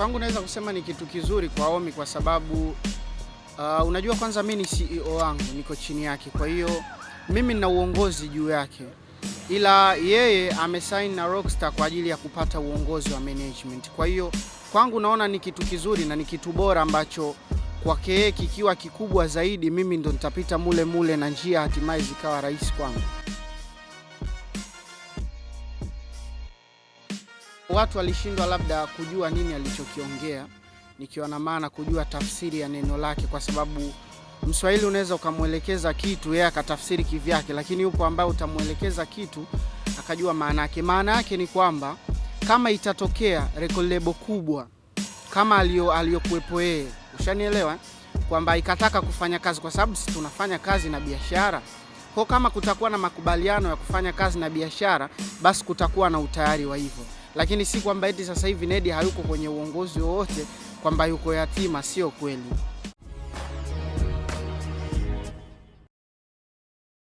kwangu naweza kusema ni kitu kizuri kwa Omi kwa sababu uh, unajua kwanza mimi ni CEO wangu, niko chini yake, kwa hiyo mimi nina uongozi juu yake, ila yeye amesign na Rockstar kwa ajili ya kupata uongozi wa management. Kwa hiyo kwangu naona ni kitu kizuri na ni kitu bora ambacho kwake kikiwa kikubwa zaidi, mimi ndo nitapita mule mule na njia hatimaye zikawa rahisi kwangu. watu walishindwa labda kujua nini alichokiongea, nikiwa na maana kujua tafsiri ya neno lake, kwa sababu Mswahili unaweza ukamwelekeza kitu yeye akatafsiri kivyake, lakini yupo ambaye utamwelekeza kitu akajua maana yake. Maana yake ni kwamba kama itatokea rekodi kubwa kama aliyokuwepo yeye, ushanielewa kwamba ikataka kufanya kazi, kwa sababu si tunafanya kazi na biashara kwa, kama kutakuwa na makubaliano ya kufanya kazi na biashara, basi kutakuwa na utayari wa hivyo lakini si kwamba eti sasa hivi Nedi hayuko kwenye uongozi wowote, kwamba yuko yatima, sio kweli.